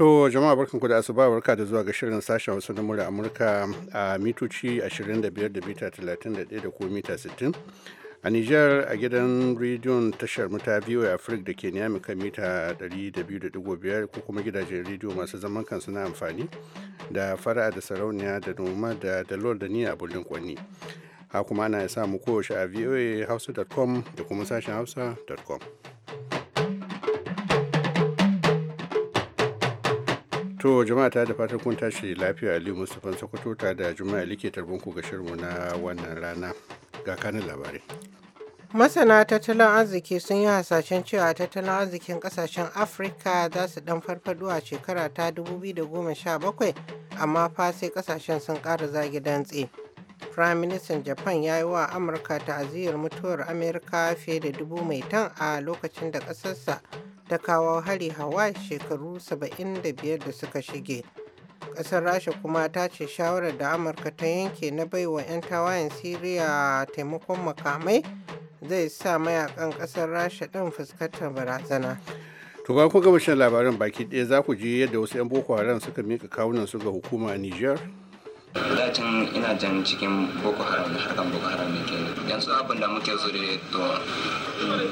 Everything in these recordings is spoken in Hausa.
To jama'a barkanku da asuba barka da zuwa ga shirin sashen wasu na murya Amurka a mitoci 25 da mita 31 da ko mita 60. A Nijar a gidan rediyon tashar muta a Africa da ke Niyami kan mita 200.5 ko kuma gidajen rediyo masu zaman kansu na amfani da fara da sarauniya da noma da dalol da niya a bullin kwanni. Ha kuma ana samu kowace a hausa.com da kuma sashen hausa.com. to jama'a ta da fatan kun tashi lafiya aliyu mustapha sokoto ta da juma'a like tarbin ku ga shirmu na wannan rana ga kanin labarai masana tattalin arziki sun yi hasashen cewa tattalin arzikin kasashen afirka za su dan farfado a shekara ta 2017 amma fa sai kasashen sun ƙara zagi dantse prime minister japan ya yi wa amurka ta'aziyar mutuwar amurka fiye da dubu mai tan a lokacin da ƙasarsa ta kawo hari hawa shekaru 75 da suka shige ƙasar rasha kuma ta ce shawarar da amurka ta yanke na baiwa 'yan tawayen siriya taimakon makamai zai sa mayakan ƙasar rasha ɗin fuskantar barazana to ba ku shan labaran baki ɗaya za ku ji yadda wasu 'yan boko haram suka mika kawunan su ga hukuma a niger dacin ina jan cikin boko haram harkan boko haram ne ke yanzu abin da muke zo da to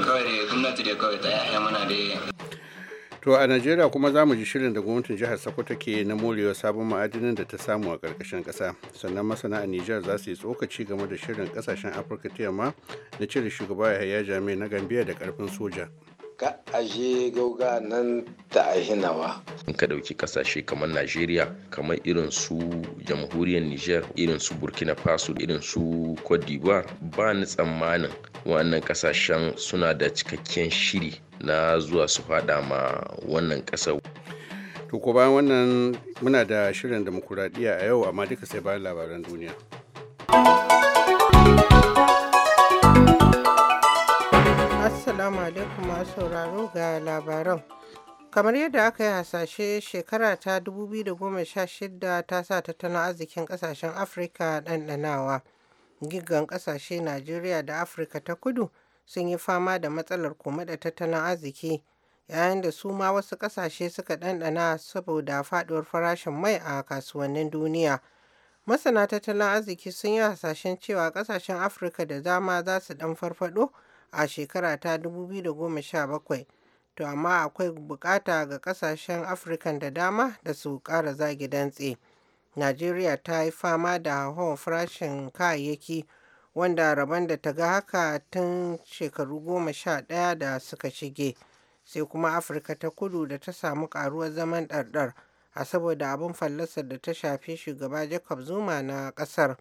kawai da gwamnati da kawai ta yaya mana da To a Najeriya kuma za mu ji shirin da gwamnatin jihar Sokoto ke na morewa sabon ma'adinin da ta samu a ƙarƙashin ƙasa. Sannan masana a Nijar za su yi tsokaci game da shirin ƙasashen Afirka ta yamma na cire shugaba Yahaya jami'a na Gambiya da ƙarfin soja. ka aje gauga nan ta ahinawa in ka ɗauki ƙasashe kamar Najeriya kamar irin su jamhuriyar Niger irin su Burkina Faso irin su Cote d'Ivoire ba ni tsammanin wannan kasashen suna da cikakken shiri na zuwa su fada ma wannan kasar to ko bayan wannan muna da shirin demokuraɗiyya a yau amma duka sai bayan labaran duniya. Assalamu alaikum masu sauraro ga labaran. Kamar yadda aka yi hasashe shekara ta 2016 ta sa tattalin arzikin kasashen Afirka ɗanɗanawa. Gigan kasashe Najeriya da Afirka ta kudu sun yi fama da matsalar kuma da tattalin arziki yayin da su ma wasu kasashe suka ɗanɗana saboda faɗuwar farashin mai a kasuwannin duniya. Masana tattalin arziki sun yi hasashen cewa kasashen Afirka da dama za su ɗan farfaɗo. a shekara ta 2017 to amma akwai bukata ga kasashen afirka da dama da su ƙara zagi dantse najeriya ta yi fama da hauhawar farashin kayayyaki wanda rabon da ta ga haka tun shekaru goma sha ɗaya da suka shige sai kuma afirka ta kudu da ta samu karuwar zaman ɗarɗar a saboda abin fallasar da ta shafi shugaba jacob zuma na ƙasar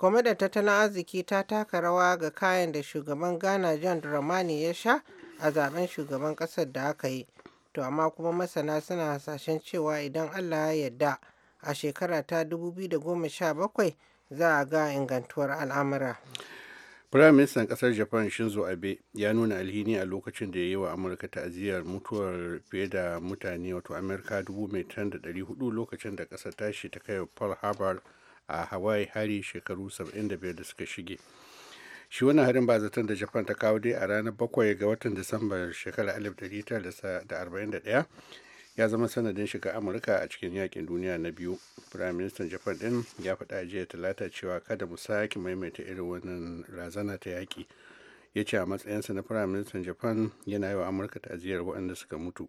kwamitin tattalin arziki ta taka rawa ga kayan da shugaban ghana john dramani ya sha a zaben shugaban kasar da aka yi to amma kuma masana suna hasashen cewa idan allah ya yarda a shekara ta 2017 za a ga ingantuwar al'amura Prime Minister Ƙasar Japan Shinzo Abe ya nuna alhini a lokacin da ya yi wa Amurka ta'aziyar mutuwar fiye da mutane wato Amurka 1,400 lokacin da kasar tashi ta kai Pearl Harbor a hawaii hari shekaru 75 da suka shige shi wannan harin ba zaton da japan ta kawo dai a ranar bakwai ga watan disamba shekarar 1941 ya zama sanadin shiga amurka a cikin yakin duniya na biyu prime minister japan din ya faɗa jiya talata cewa kada mu sake maimaita irin wannan razana ta yaki ya ce a matsayinsa na prime minister japan yana yi wa amurka ta'aziyar waɗanda suka mutu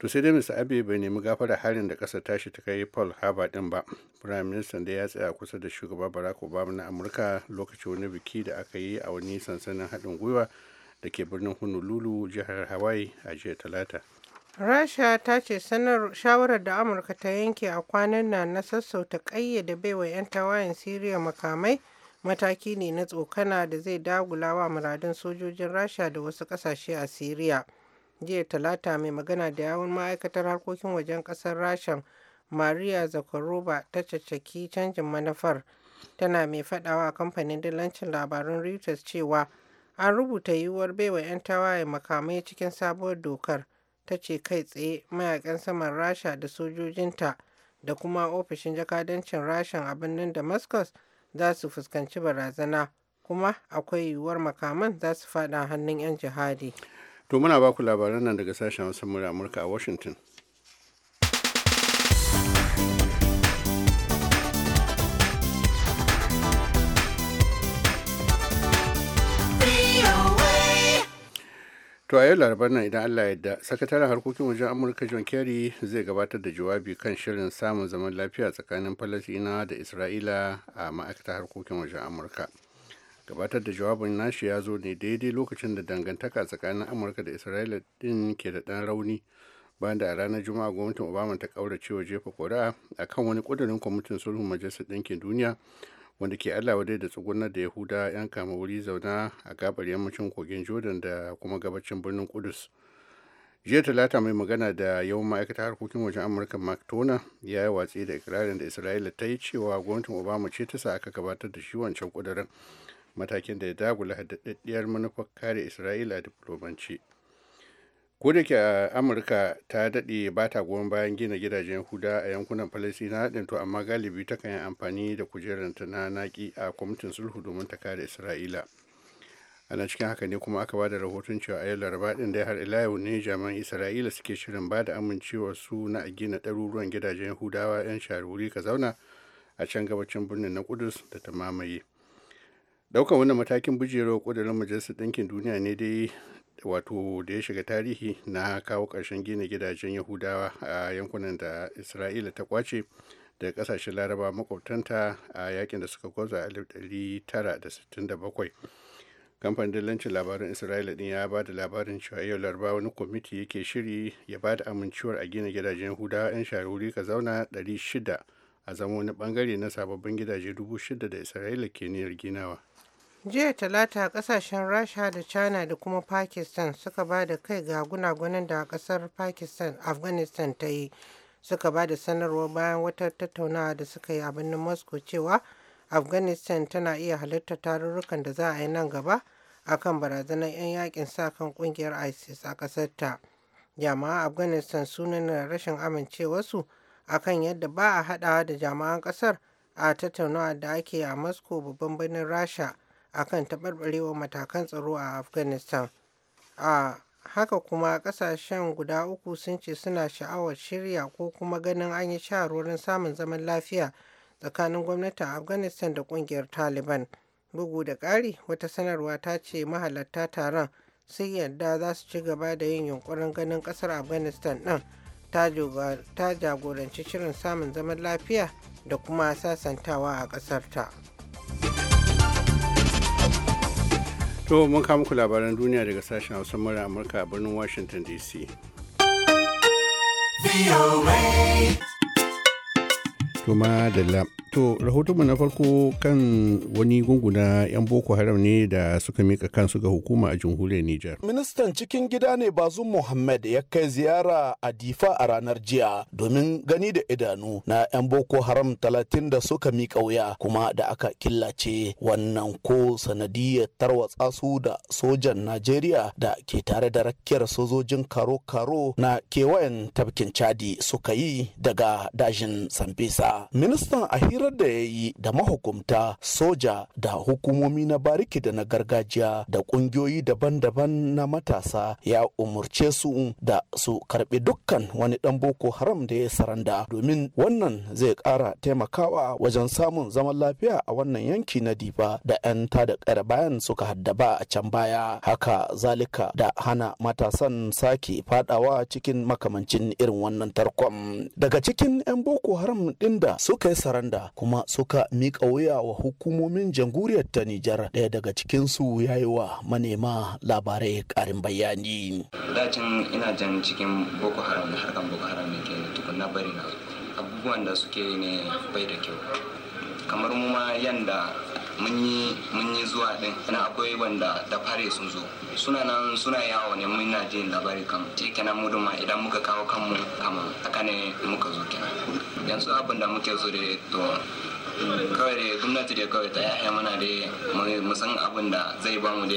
to sai dai mr abe bai nemi gafara harin da kasa tashi ta kai paul harbour din ba prime minister da ya tsaya kusa da shugaba barack obama na amurka lokacin wani biki da aka yi a wani sansanin haɗin gwiwa da ke birnin honolulu jihar hawaii a jiya talata rasha ta ce sanar shawarar da amurka ta yanke a kwanan nan na sassauta kayyade baiwa 'yan tawayen siriya makamai mataki ne na tsokana da zai dagula wa muradun sojojin rasha da wasu kasashe a siriya jiya talata mai magana da yawun ma'aikatar harkokin wajen kasar rasha maria Zakoroba ta caccaki canjin manufar tana mai faɗawa kamfanin dillancin labarun reuters cewa an rubuta yiwuwar baiwa 'yan tawaye makamai cikin sabuwar dokar ta ce kai tsaye mayakan saman rasha da sojojinta da kuma ofishin jakadancin rashin a nan damascus za su fuskanci barazana kuma akwai yiwuwar makaman za su fada hannun 'yan jihadi to muna baku labaran nan daga sashen wasan amurka a washington To a yau larabar nan idan Allah yadda sakataren harkokin wajen Amurka John Kerry zai gabatar da jawabi kan shirin samun zaman lafiya tsakanin Falasina da Isra'ila a ma'aikatar harkokin wajen Amurka. gabatar da jawabin nashi ya zo ne daidai lokacin da dangantaka tsakanin amurka da isra'ila din ke da dan rauni bayan da a ranar juma'a gwamnatin obama ta kauracewa jefa kuri'a akan wani kudurin kwamitin sulhun majalisar ɗinkin duniya wanda ke allah wadai da tsugunar da yahuda yan kama wuri zauna a gabar yammacin kogin jordan da kuma gabacin birnin kudus jiya talata mai magana da yawan ma'aikata harkokin wajen amurka mark tona ya yi watsi da ikirarin da isra'ila ta yi cewa gwamnatin obama ce ta sa aka gabatar da shi wancan kudurin matakin da ya dagula haddaddiyar manufar kare isra'ila diplomanci ko da ke amurka ta daɗe ba ta goyon bayan gina gidajen huda a yankunan falasina ɗin to amma galibi ta kan yi amfani da kujerar ta na naƙi a kwamitin sulhu domin ta kare isra'ila a nan cikin haka ne kuma aka ba da rahoton cewa a yau laraba ɗin da har ila yau ne jami'an isra'ila suke shirin ba da amincewa su na a gina ɗaruruwan gidajen hudawa 'yan shahararri ka zauna a can gabacin birnin na kudus da ta mamaye daukan wannan matakin bujewa kudurin majalisar ɗinkin duniya ne dai wato da ya shiga tarihi na kawo ƙarshen gina gidajen yahudawa a yankunan da isra'ila ta kwace da ƙasashen laraba makwabtanta a yakin da suka gwaza a 1967 kamfanin dillancin labarin isra'ila din ya ba da labarin cewa yau laraba wani kwamiti yake shiri ya ba da amincewar a gina gidajen yahudawa 'yan sharuri ka zauna 600 a zama wani bangare na sababbin gidaje 6,000 da isra'ila ke niyyar ginawa jiya talata kasashen rasha da china da kuma pakistan suka ba da kai ga gunagunan da kasar pakistan afghanistan ta yi suka ba da sanarwa bayan wata tattaunawa da suka yi a birnin moscow cewa afghanistan tana iya halartar tarurrukan da za a yi nan gaba akan barazanar 'yan yakin sa kan kungiyar isis a kasar ta jama'a afghanistan sunan rashin amincewarsu akan yadda ba a hadawa da jama'an kasar a tattaunawa da ake a moscow babban birnin rasha akan taɓarɓarewar matakan tsaro a afghanistan a haka kuma ƙasashen guda uku sun ce suna sha'awar shirya ko kuma ganin an yi shawarwarin samun zaman lafiya tsakanin gwamnatin afghanistan da ƙungiyar taliban bugu da ƙari wata sanarwa ta ce mahalarta taron sun yarda za su ci gaba da yin yunkurin ganin ƙasar afghanistan ɗin ta jagoranci shirin samun zaman lafiya da kuma sasantawa a ƙasarta. ta To mun kawo muku labaran duniya daga sashen Hausa mura Amurka a birnin Washington DC. To madalla. To rahotonmu na farko kan wani gunguna 'yan Boko Haram ne da suka mika kansu ga hukuma a jamhuriyar Nijar. Ministan cikin gida ne Bazum Muhammad ya kai ziyara a Difa a ranar jiya domin gani da idanu na 'yan Boko Haram talatin da suka mika wuya kuma da aka killace wannan ko sanadiyar tarwatsa su da sojan Najeriya da ke tare da rakkiyar sojojin karo-karo na kewayen tafkin Chadi suka yi daga dajin Sambisa. ministan a hirar da ya yi da mahukumta soja da hukumomi na bariki da na gargajiya da kungiyoyi daban-daban na matasa ya umurce su da su karbi dukkan wani dan boko haram da ya saranda domin wannan zai kara taimakawa wajen samun zaman lafiya a wannan yanki na diba da 'yan tada kare bayan suka haddaba a can baya haka zalika da hana matasan sake fadawa cikin makamancin irin wannan tarkon daga cikin 'yan boko haram din wanda suka yi saranda kuma suka miƙa wuya wa hukumomin jamhuriyar ta Nijar ɗaya daga cikinsu ya yi wa manema labarai ƙarin bayani. Dacin ina jan cikin Boko Haram da harkan Boko Haram ne ke na bari na abubuwan da suke ne bai da kyau. Kamar mu ma yanda mun yi zuwa din ina akwai wanda da fare sun zo suna nan suna yawo ne mun na jin labari kan ce kenan ma idan muka kawo kanmu kama haka ne muka zo kenan yanzu abin da muke so da to kawai da gwamnati da kawai ta yaya mana da musan abin da zai bamu da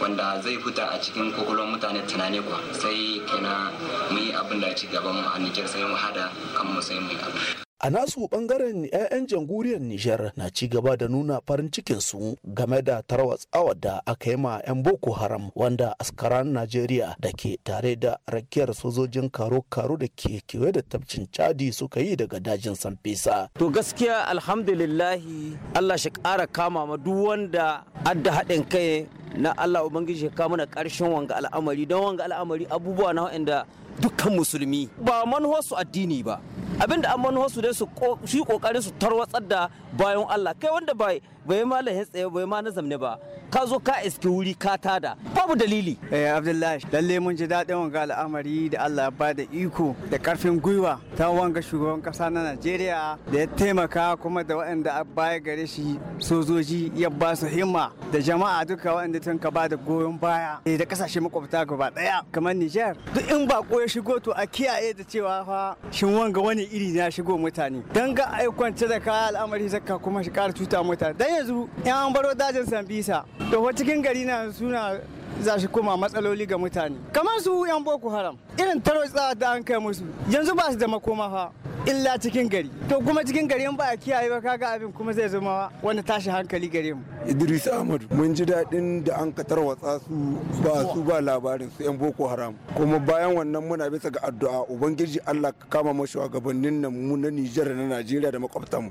wanda zai fita a cikin kokolon mutane tunani kuwa sai kina mu yi abin da ci gaban mu a nijar sai mu hada kan mu sai mu yi abin a nasu bangaren 'ya'yan janguriyar Nijar na ci gaba da nuna farin cikin su game da tarwatsawa da aka yi ma 'yan Boko Haram wanda askaran Najeriya da ke tare da rakiyar sojojin karo-karo da ke kewaye da tabcin Chadi suka yi daga dajin Sanfesa. To gaskiya alhamdulillahi Allah shi ƙara kama ma duk wanda adda haɗin kai na Allah Ubangiji ya kama na ƙarshen wanga al'amari don wanga al'amari abubuwa na waɗanda dukkan musulmi ba su addini ba abinda an manuwarsu dai su shi kokarin su tarwatsar da bayan Allah kai wanda bai bai ma lahin tsaye eh, bai ma na zamne ba ka zo ka iske wuri ka tada babu dalili eh abdullahi lalle mun ji daɗin wanga al'amari da Allah ba da iko da karfin gwiwa ta wanga shugaban kasa na Najeriya da ya taimaka kuma da waɗanda a baya gare shi sojoji ya ba su himma da jama'a duka waɗanda tun ka ba da goyon baya eh, da kasashe makwabta gaba ɗaya kamar Niger duk in ba ya shigo to a kiyaye da cewa fa shin wanga wani iri na shigo mutane dan ga aikon da kaya al'amari zakka kuma shi ƙara cuta mutane dan yanzu yan an baro dajin sambisa to cikin gari na suna za shi koma matsaloli ga mutane kamar su yan boko haram irin tarotsa da an kai musu yanzu ba su da makoma fa illa cikin gari to kuma cikin gari in ba a kiyaye ba kaga abin kuma zai zama wani tashi hankali gare mu Idris Ahmad mun ji daɗin da an katar watsa su ba su ba labarin su yan boko haram kuma bayan wannan muna bisa ga addu'a ubangiji Allah ka kama mu shugabannin nan mu na Nijar na Najeriya da makwabtan mu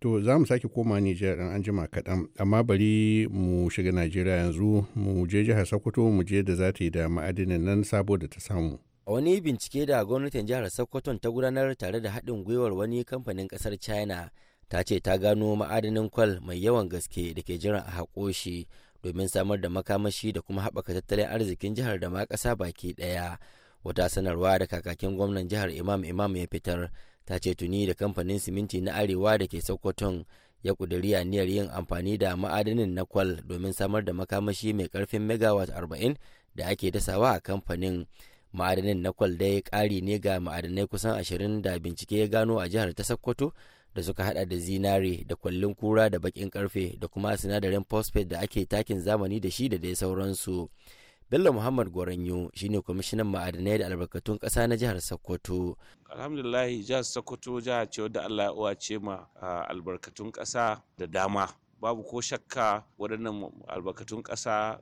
To za mu sake koma Nijar ɗan an jima kaɗan, amma bari mu shiga Najeriya yanzu mu je jihar Sokoto mu je da za ta yi da ma'adinin nan sabo da ta samu. A wani bincike da gwamnatin jihar sokoto ta gudanar tare da haɗin gwiwar wani kamfanin ƙasar China ta ce ta gano ma'adinin kwal mai yawan gaske da ke jiran a haƙo domin samar da makamashi da kuma haɓaka tattalin arzikin jihar da ma ƙasa baki ɗaya. Wata sanarwa da kakakin gwamnan jihar Imam Imam ya fitar ta ce tuni da kamfanin siminti na arewa da ke sokoton ya kuduri aniyar yin amfani da ma'adanin na kwal domin samar da makamashi mai karfin megawatt 40 da ake dasawa a kamfanin ma'adanin na kwal ya ƙari ne ga ma'adanai kusan 20 da bincike ya gano a jihar ta sokoto da suka hada da zinare da kwallin kura da bakin karfe da kuma sinadarin phosphate da ake takin zamani da shi da dai sauransu. Bello Muhammad Goranyo shine kwamishinan ma'adanai da albarkatun ƙasa na jihar Sokoto. Alhamdulillah jihar Sokoto jiha ce wadda Allah ya ce ma albarkatun ƙasa da dama. Babu ko shakka waɗannan albarkatun ƙasa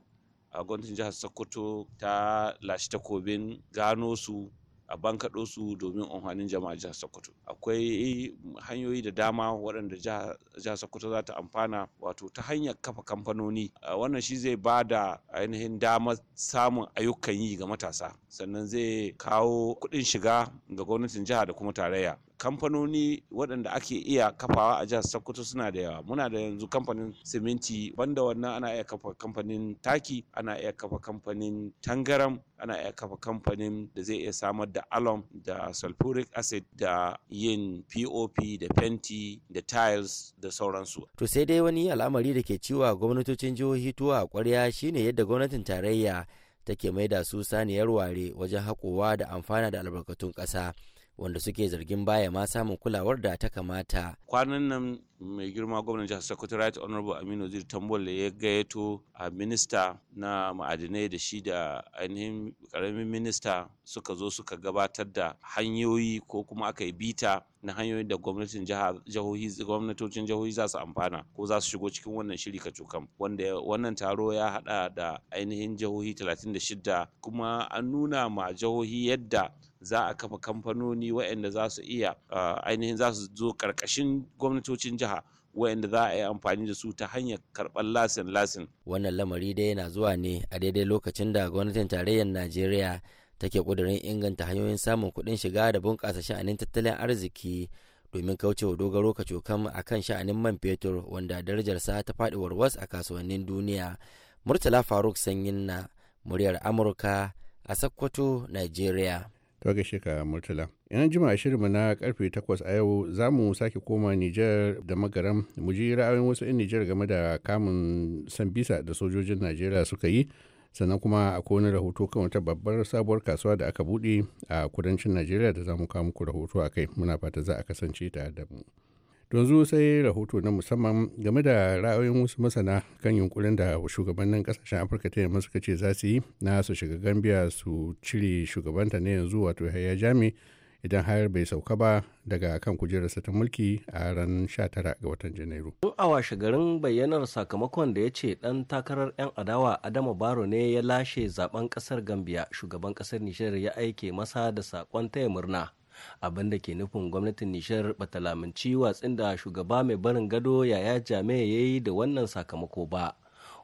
a gwamnatin jihar Sokoto ta lashe takobin gano su a bankaɗo su domin amfanin jama'a jihar sokoto akwai hanyoyi da dama waɗanda jihar sokoto za ta amfana wato ta hanyar kafa kamfanoni wannan shi zai ba da ainihin damar samun ayyukan yi ga matasa sannan zai kawo kuɗin shiga ga gwamnatin jiha da kuma tarayya kamfanoni waɗanda ake iya kafawa a jihar sokoto suna da yawa muna da yanzu kamfanin siminti banda wannan ana iya kafa kamfanin taki ana iya kafa kamfanin tangaram ana iya kafa kamfanin da zai iya samar da alum da sulfuric acid da yin pop da fenti da tiles da sauransu to sai dai wani al'amari da ke ciwa gwamnatocin jihohi tuwa a kwarya shine yadda gwamnatin tarayya take maida su saniyar ware wajen haƙowa da amfana da albarkatun ƙasa wanda suke zargin baya ma samun kulawar da ta kamata kwanan nan mai girma gwamnan jihar sokoto right honorable aminu zir da ya gayyato a minista na ma'adinai da shi da ainihin karamin minista suka zo suka gabatar da hanyoyi ko kuma aka yi bita na hanyoyin da gwamnatin jihohi gwamnatocin jihohi za su amfana ko za su shigo cikin wannan shiri ka cukam wanda wannan taro ya hada da ainihin jihohi 36 kuma an nuna ma jihohi yadda za a kafa kamfanoni waɗanda za su iya ainihin za su zo karkashin gwamnatocin jiha wayanda za a yi amfani da su ta hanyar karɓar lasin lasin. Wannan lamari dai yana zuwa ne a daidai lokacin da gwamnatin tarayyar Najeriya take ƙudurin inganta hanyoyin samun kuɗin shiga da bunƙasa sha'anin tattalin arziki domin kaucewa dogaro ka kacokam a kan sha'anin man fetur wanda darajar sa ta faɗi warwas a kasuwannin duniya. Murtala Faruk Sanyin na muryar Amurka a Sokoto, Najeriya. To gaishe ka Murtala. Yan jima shirinmu na karfe 8 a yau za mu sake koma Nijar da Magaram mu ji ra'ayoyin wasu 'yan Nijar game da kamun Sambisa da sojojin Najeriya suka yi sannan kuma akwai wani rahoto kan wata babbar sabuwar kasuwa da aka buɗe a kudancin Najeriya da za mu kawo muku rahoto a kai muna fata za a kasance tare da mu. don zo sai rahoto na musamman game da ra'ayoyin wasu masana kan yunkurin da shugabannin kasashen afirka ta yamma suka ce za su yi na su shiga gambia su cire shugabanta na yanzu wato haya jami idan har bai sauka ba daga kan kujerarsa ta mulki a ran 19 ga watan janairu. a washe garin bayyanar sakamakon da ya ce dan takarar 'yan adawa adama baro ne ya lashe zaben kasar gambia shugaban kasar nijar ya aike masa da sakon taya murna abin da ke nufin gwamnatin nishar bata lamunci watsin da shugaba mai barin gado yaya jami'a ya yi da wannan sakamako ba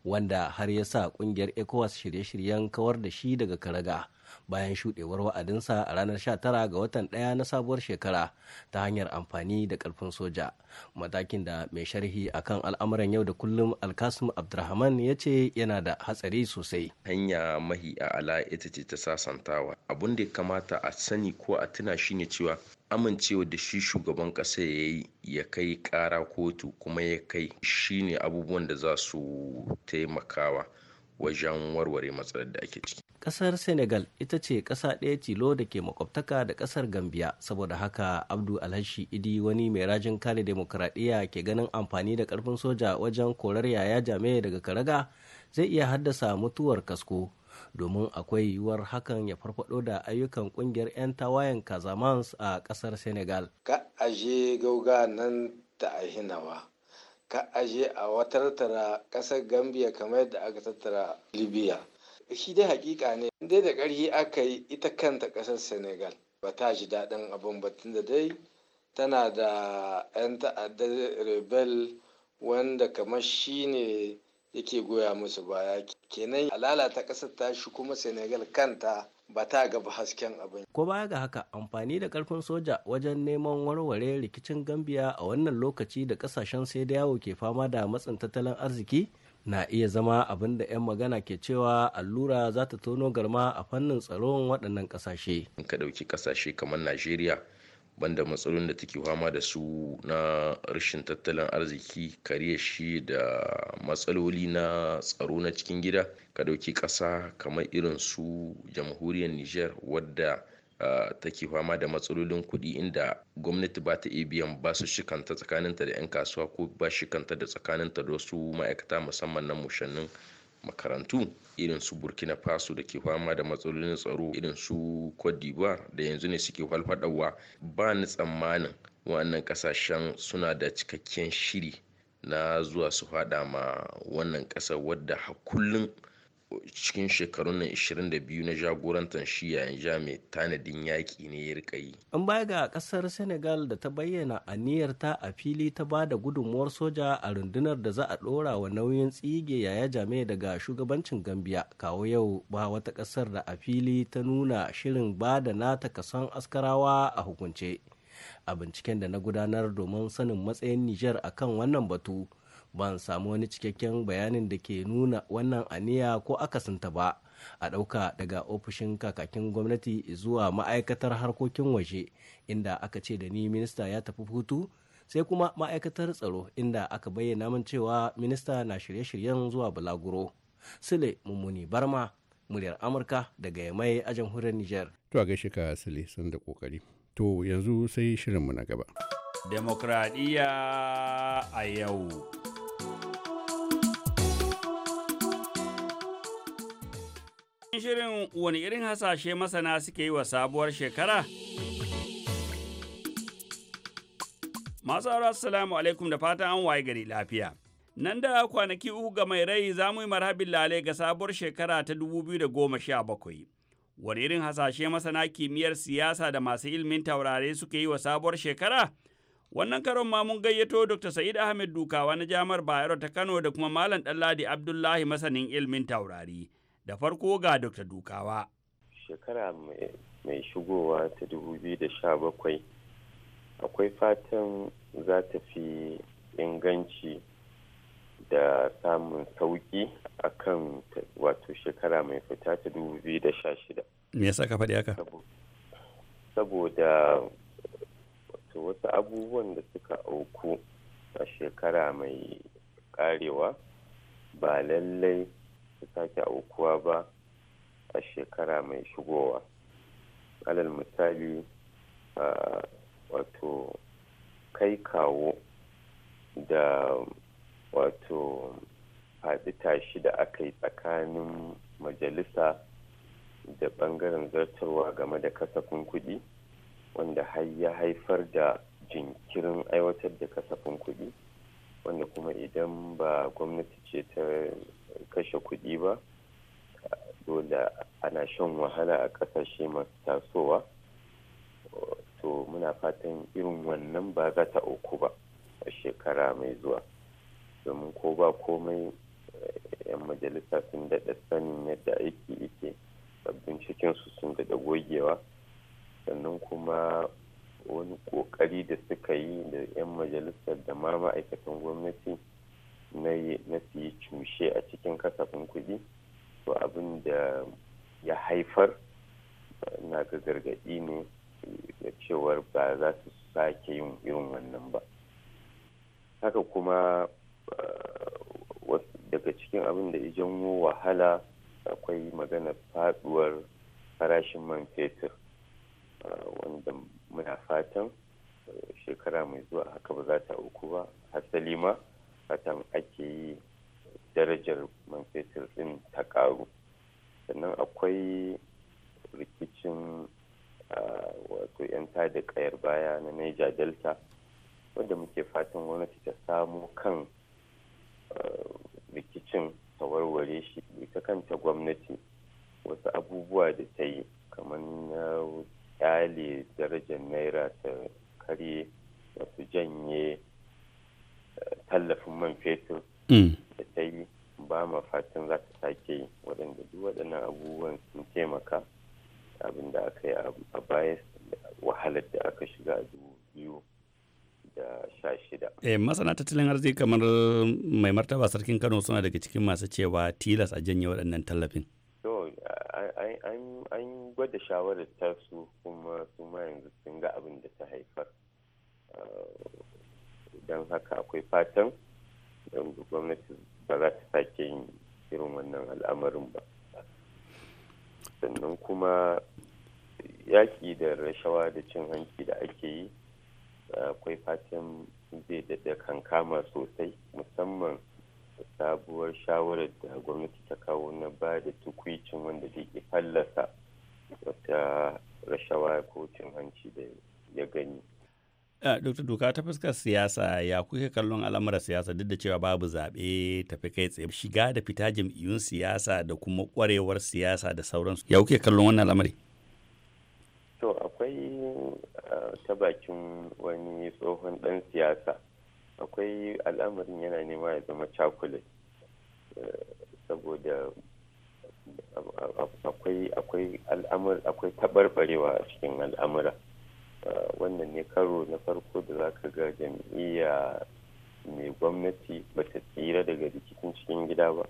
wanda har ya sa kungiyar ecowas shirye-shiryen kawar da shi daga karaga bayan shuɗewar wa'adinsa a ranar 19 ga watan ɗaya na sabuwar shekara ta hanyar amfani da ƙarfin soja matakin da mai sharhi akan al'amuran yau da kullum alkasim abdurrahman ya ce yana da hatsari sosai hanya mahi a ala ita ce ta sasantawa abun da ya kamata a sani ko a tuna shine cewa amincewa da shi shugaban ƙasa ya yi ya kai ƙara kotu kuma ya kai shine abubuwan da za su taimakawa wajen warware matsalar da ake ciki kasar senegal ita ce kasa ɗaya tilo da ke makwabtaka da kasar gambia saboda haka abdu alhashi idi wani mai rajin kare demokuraɗiyya ke ganin amfani da karfin soja wajen korar yaya jami'a daga karaga zai iya haddasa mutuwar kasko domin akwai yiwuwar hakan ya farfado da ayyukan kungiyar 'yan tawayen kazamans a kasar senegal ka aje gauga nan ta ahinawa ka aje a watartara kasar gambia kamar yadda aka tattara libya shi dai hakika ne inda da ƙarfi aka yi ita kanta ƙasar senegal ba ta ji daɗin abin ba tunda dai tana da 'yan ta'addar rebel wanda kamar shi ne yake goya musu baya kenan a lalata ƙasar tashi kuma senegal kanta ba ta gaba hasken abin ko baya ga haka amfani da karfin soja wajen neman warware rikicin gambiya a wannan lokaci da kasashen sai da yawo ke fama da matsin tattalin arziki na iya zama abin da 'yan magana ke cewa allura za ta tono garma a fannin tsaron waɗannan ƙasashe. in ka ɗauki ƙasashe kamar najeriya banda matsalolin da take fama da su na rashin tattalin arziki kariya shi da matsaloli na tsaro na cikin gida ka ɗauki ƙasa kamar irin su jamhuriyar niger wadda take fama da matsalolin kuɗi inda gwamnati ba ta iya biyan su shikanta tsakaninta da 'yan kasuwa ko ba shikanta da tsakaninta da wasu ma'aikata musamman na mushannin makarantu irin su burkina faso da ke fama da matsalolin tsaro irin su cote d'ivoire da yanzu ne suke falfadawa ba ni tsammanin wannan kasashen suna da cikakken shiri na zuwa su fada ma wannan kasar wadda kullum cikin shekarun nan 22 na jagorantar shi yayin ja mai tanadin yaƙi ne ya rika yi. An baya ga ƙasar Senegal da ta bayyana a aniyarta a fili ta ba da gudunmuwar soja a rundunar da za a ɗora wa nauyin tsige yaya jame daga shugabancin Gambia kawo yau ba wata ƙasar da a fili ta nuna shirin ba da nata kason askarawa a hukunce. A binciken da na gudanar domin sanin matsayin Nijar akan wannan batu. ban samu wani cikakken bayanin da ke nuna wannan aniya ko akasinta ba a ɗauka daga ofishin kakakin gwamnati zuwa ma'aikatar harkokin waje inda aka ce da ni minista ya tafi hutu sai kuma ma'aikatar tsaro inda aka bayyana min cewa minista na shirye-shiryen zuwa balaguro sule mummuni barma muryar amurka daga yamai a jamhuriyar niger to a gaishe ka sule sun da kokari to yanzu sai shirinmu na gaba demokradiyya a yau cikin shirin wani irin hasashe masana suke yi wa sabuwar shekara? Masu aure assalamu alaikum da fatan an waye gari lafiya. Nan da kwanaki uku ga mai rai za mu yi marhabin lalai ga sabuwar shekara ta da goma sha bakwai, Wani irin hasashe masana kimiyyar siyasa da masu ilimin taurare suke yi wa sabuwar shekara? Wannan karon ma mun gayyato Dr. Sa'id Ahmed Dukawa na Jamar Bayero ta Kano da kuma Malam Ɗanladi Abdullahi masanin ilimin taurari. da farko ga dr dukawa shekara mai shigowa ta 2017 akwai fatan za ta fi inganci da samun sauƙi a kan wato shekara mai fita ta 2016 me yasa ka faɗi haka saboda wasu abubuwan da suka auku a shekara mai karewa ba lallai ta sake aukuwa ba a shekara mai shigowa alal misali wato kai kawo da wato faɗi tashi da aka yi tsakanin majalisa da ɓangaren zartarwa game da kasafin kuɗi wanda har ya haifar da jinkirin aiwatar da kasafin kuɗi wanda kuma idan ba gwamnati ce ta kashe kuɗi ba dole ana shan wahala a ƙasashe masu tasowa to muna fatan irin wannan ba za ta auku ba a shekara mai zuwa domin ko ba komai eh, 'yan majalisa sun daɗa amma ma'aikatan gwamnati kanta gwamnati wasu abubuwa da ta yi kamar na kyale darajar naira ta karye da janye eh, tallafin man fetur mm. da ta yi ba ma fatan za ta sake yi waɗanda duk waɗannan abubuwan sun taimaka abin da aka yi a baya wahalar da aka shiga a shida. Eh, masana tattalin arziki kamar mai martaba sarkin Kano suna daga cikin masu cewa tilas a janye waɗannan tallafin. To, an gwada shawarar tasu kuma su ma yanzu sun ga abin da ta haifar. Eh, don haka akwai fatan gwamnati ba za ta sake yin irin wannan al'amarin ba. Sannan kuma yaƙi da rashawa da cin hanci da ake yi akwai fatan zai daɗa kankama sosai musamman da sabuwar shawarar da gwamnati ta kawo na ba da tukwicin wanda zai ke fallasa wata rashawa ko cin hanci da ya gani. Dr. Duka ta fuskar siyasa ya kuke kallon al'amuran siyasa duk da cewa babu zaɓe tafi kai tsaye shiga da fita jam'iyyun siyasa da kuma ƙwarewar siyasa da sauransu ya kuke kallon wannan al'amari? akwai ta bakin wani tsohon dan siyasa akwai al'amarin yana nema ya zama cakulet eh, saboda akwai taɓarɓarewa a cikin al'amura eh, wannan ne karo na farko da za ka ga jam'iyya mai gwamnati ba ta tsira daga rikicin cikin gida ba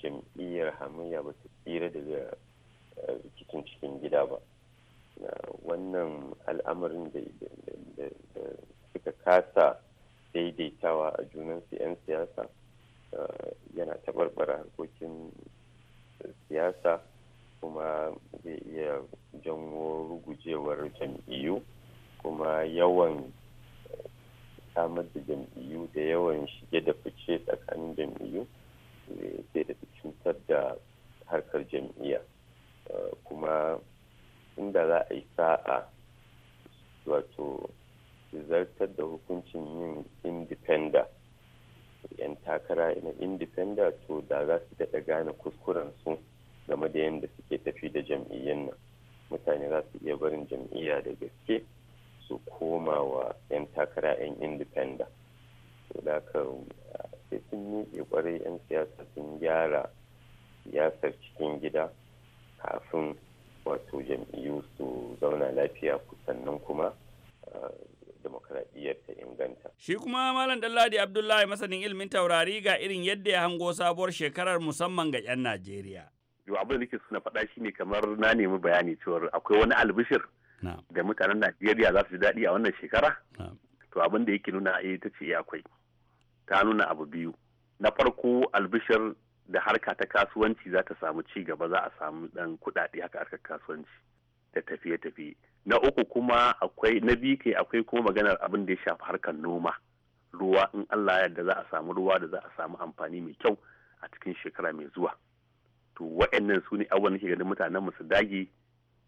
jam'iyyar hamayya ba ta tsira daga eh, rikicin cikin gida ba wannan al'amarin da suka kasa daidaitawa a junansu 'yan siyasa eh, yana taɓarɓara harkokin siyasa kuma zai iya janwo rugujewar jam'iyyu kuma yawan eh, samar da jam'iyyu da yawan shige da fice tsakanin jam'iyyu zai da cutar da harkar jam'iyya eh, kuma inda za a yi sa'a wato zartar da hukuncin yin indifenda yan takara na indifenda to da za su daɗa gane kuskurensu game da yadda suke tafi da jam'iyyar nan mutane za su iya barin jam'iyya da gaske su koma wa 'yan takara 'yan indifenda to da ka sai sun miƙe kwarai 'yan siyasa sun gyara siyasar cikin gida kafin wato jam'iyyu su zauna lafiya sannan kuma demokradiyyar ta inganta. Shi kuma Malam Dalladi Abdullahi masanin ilmin taurari ga irin yadda ya hango sabuwar shekarar musamman ga 'yan Najeriya. Yo abin da nake suna faɗa shi ne kamar na nemi bayani cewar akwai wani albishir da mutanen Najeriya za su ji daɗi a wannan shekara. To abin da yake nuna a eh, ita ce akwai. Ta nuna abu biyu. Na farko albishir da harka ta kasuwanci za ta samu ci gaba za a samu dan kuɗaɗe haka harkar kasuwanci da tafiye-tafiye na uku kuma akwai na biyu kai akwai kuma maganar abin da ya shafi harkar noma ruwa in Allah yarda za a samu ruwa da za a samu amfani mai kyau a cikin shekara mai zuwa to wa'annan su ne abubuwan ke ganin mutanen su dage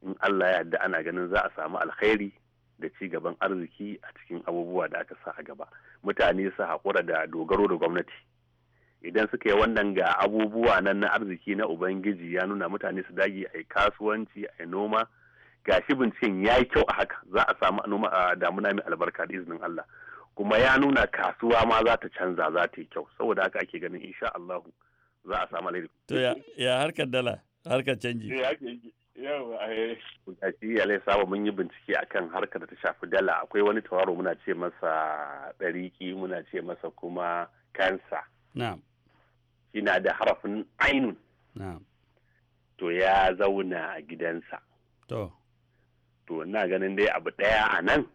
in Allah ya yarda ana ganin za a samu alkhairi da ci gaban arziki a cikin abubuwa da aka sa a gaba mutane su haƙura da dogaro da gwamnati idan suka yi wannan ga abubuwa nan na arziki na ubangiji ya nuna mutane su dage a kasuwanci a noma ga shi binciken ya yi kyau a haka za a samu noma a damuna mai albarka da izinin Allah kuma ya nuna kasuwa ma za ta canza za ta yi kyau saboda haka ake ganin insha Allahu za a samu alheri to ya ya harkar dala harkar canji ya a eh. ya lai sabon mun yi bincike akan harkar da ta shafi dala akwai wani tawaro muna ce masa dariki muna ce masa kuma kansa na'am yana da harafin ainun to ya zauna a gidansa to na ganin dai abu ɗaya a nan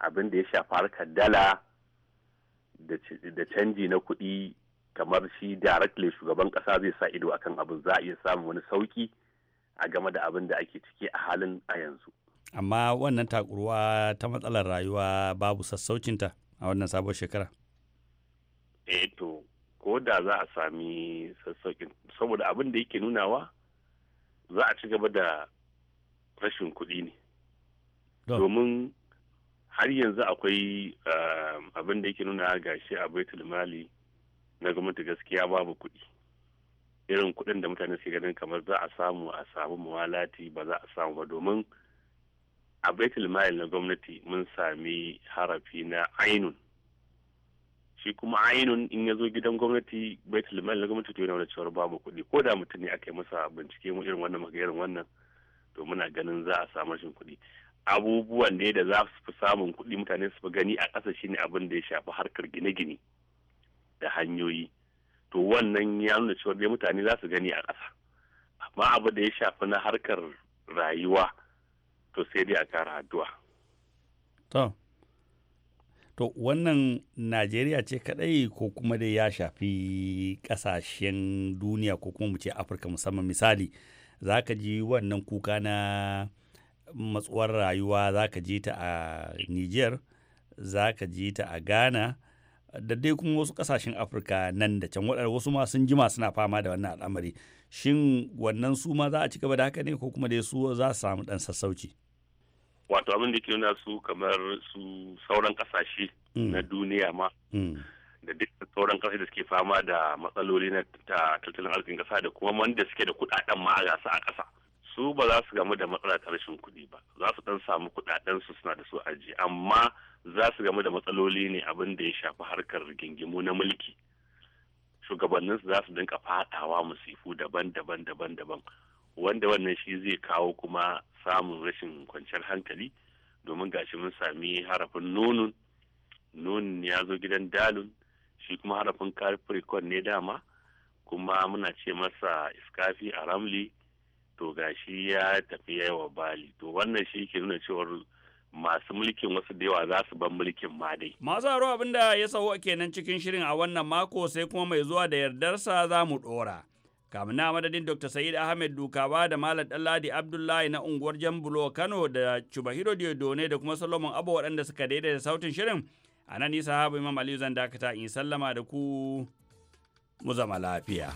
abin da ya shafa harkar dala da canji na kuɗi kamar shi directly shugaban ƙasa zai sa ido akan abu za a iya samun wani sauƙi a game da abin da ake ciki a halin a yanzu amma wannan takurwa ta matsalar rayuwa babu sassaucinta a wannan sabon shekara eh to ko da za a sami sassauƙin saboda abin da yake nunawa za a ci gaba da rashin kuɗi ne domin har yanzu akwai um, abin da yake nuna gashi a baitul mali na gwamnati gaskiya babu kuɗi irin kuɗin da mutane suke ganin kamar za a samu a samu muwalati ba za a samu ba domin a baitul mali na gwamnati mun sami harafi na ainun shi kuma ainun in ya zo gidan gwamnati baitul mal na gwamnati to yana da cewar babu kuɗi ko da mutum ne aka yi masa bincike mu irin wannan maka irin wannan to muna ganin za a samu rashin kuɗi abubuwan ne da za su fi samun kuɗi mutane su fi gani a ƙasa shine abin da ya shafi harkar gine-gine da hanyoyi to wannan ya nuna cewa dai mutane za su gani a ƙasa amma abu da ya shafi na harkar rayuwa to sai dai a kara addu'a. to wannan najeriya ce kadai ko kuma dai ya shafi kasashen duniya ko kuma mu ce afirka musamman misali za ka ji wannan kuka na matsuwar rayuwa za ka ji ta a niger za ka ji ta a ghana da dai kuma wasu kasashen afirka nan da can waɗanda wasu ma sun jima suna fama da wannan al'amari shin wannan su ma za a ci gaba da haka ne ko kuma dai su za su samu ɗan sassauci wato abin da ke nuna su kamar su sauran kasashe mm. na duniya ma mm. da duk sauran kasashe da suke fama da matsaloli na tattalin arzikin kasa da kuma wanda suke da kudaden ma a su a kasa su ba za su gamu da matsala ta rashin kuɗi ba za su dan samu kudaden su suna da su aji amma za su gamu da matsaloli ne abin da ya shafi harkar rigingimu na mulki Shugabannin su za su dinka fadawa musifu daban-daban daban-daban wanda wannan shi zai kawo kuma samun rashin kwanciyar hankali domin gashi mun sami harafin nonon nonon ya zo gidan dalun shi kuma harafin capricorn ne dama kuma muna ce masa iskafi a ramli to gashi ya tafi yawa bali to wannan shi ke nuna cewar masu mulkin wasu da yawa za su ban mulkin ma dai. Masu haro abin da ya saho kenan cikin shirin a wannan mako sai kuma mai zuwa da yardarsa za mu ɗora. kamun na madadin dr sa'id ahmed dukawa da malam ɗanladi abdullahi na unguwar jambulo kano da chubahiro diodone da kuma solomon abu waɗanda suka daidaita sautin shirin a nan nisa habu imam aliyu zan dakata in sallama da ku mu zama lafiya.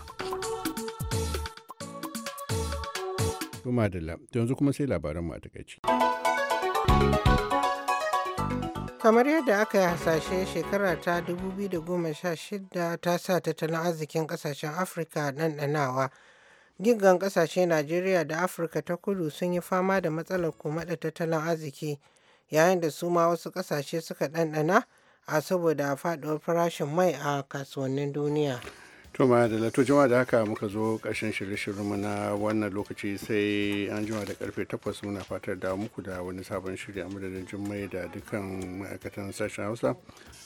kuma da yanzu kuma sai labaran mu a takaici. Kamar yadda aka yi hasashe shekara ta 2016 ta sa tattalin arzikin kasashen Afirka ɗanɗanawa. gigan kasashe Najeriya da Afirka ta kudu sun yi fama da matsalar da tattalin arziki yayin da su ma wasu kasashe suka ɗanɗana a saboda faɗuwar farashin mai a kasuwannin duniya. to da lato jama'a da haka muka zo ƙarshen shirye-shiryen mu na wannan lokaci sai an jima da karfe 8 muna fatar da muku da wani sabon shiri a madadin jummai da dukkan ma'aikatan sashen hausa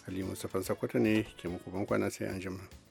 halimu safan sakwata ne ke muku bankwana sai an jima.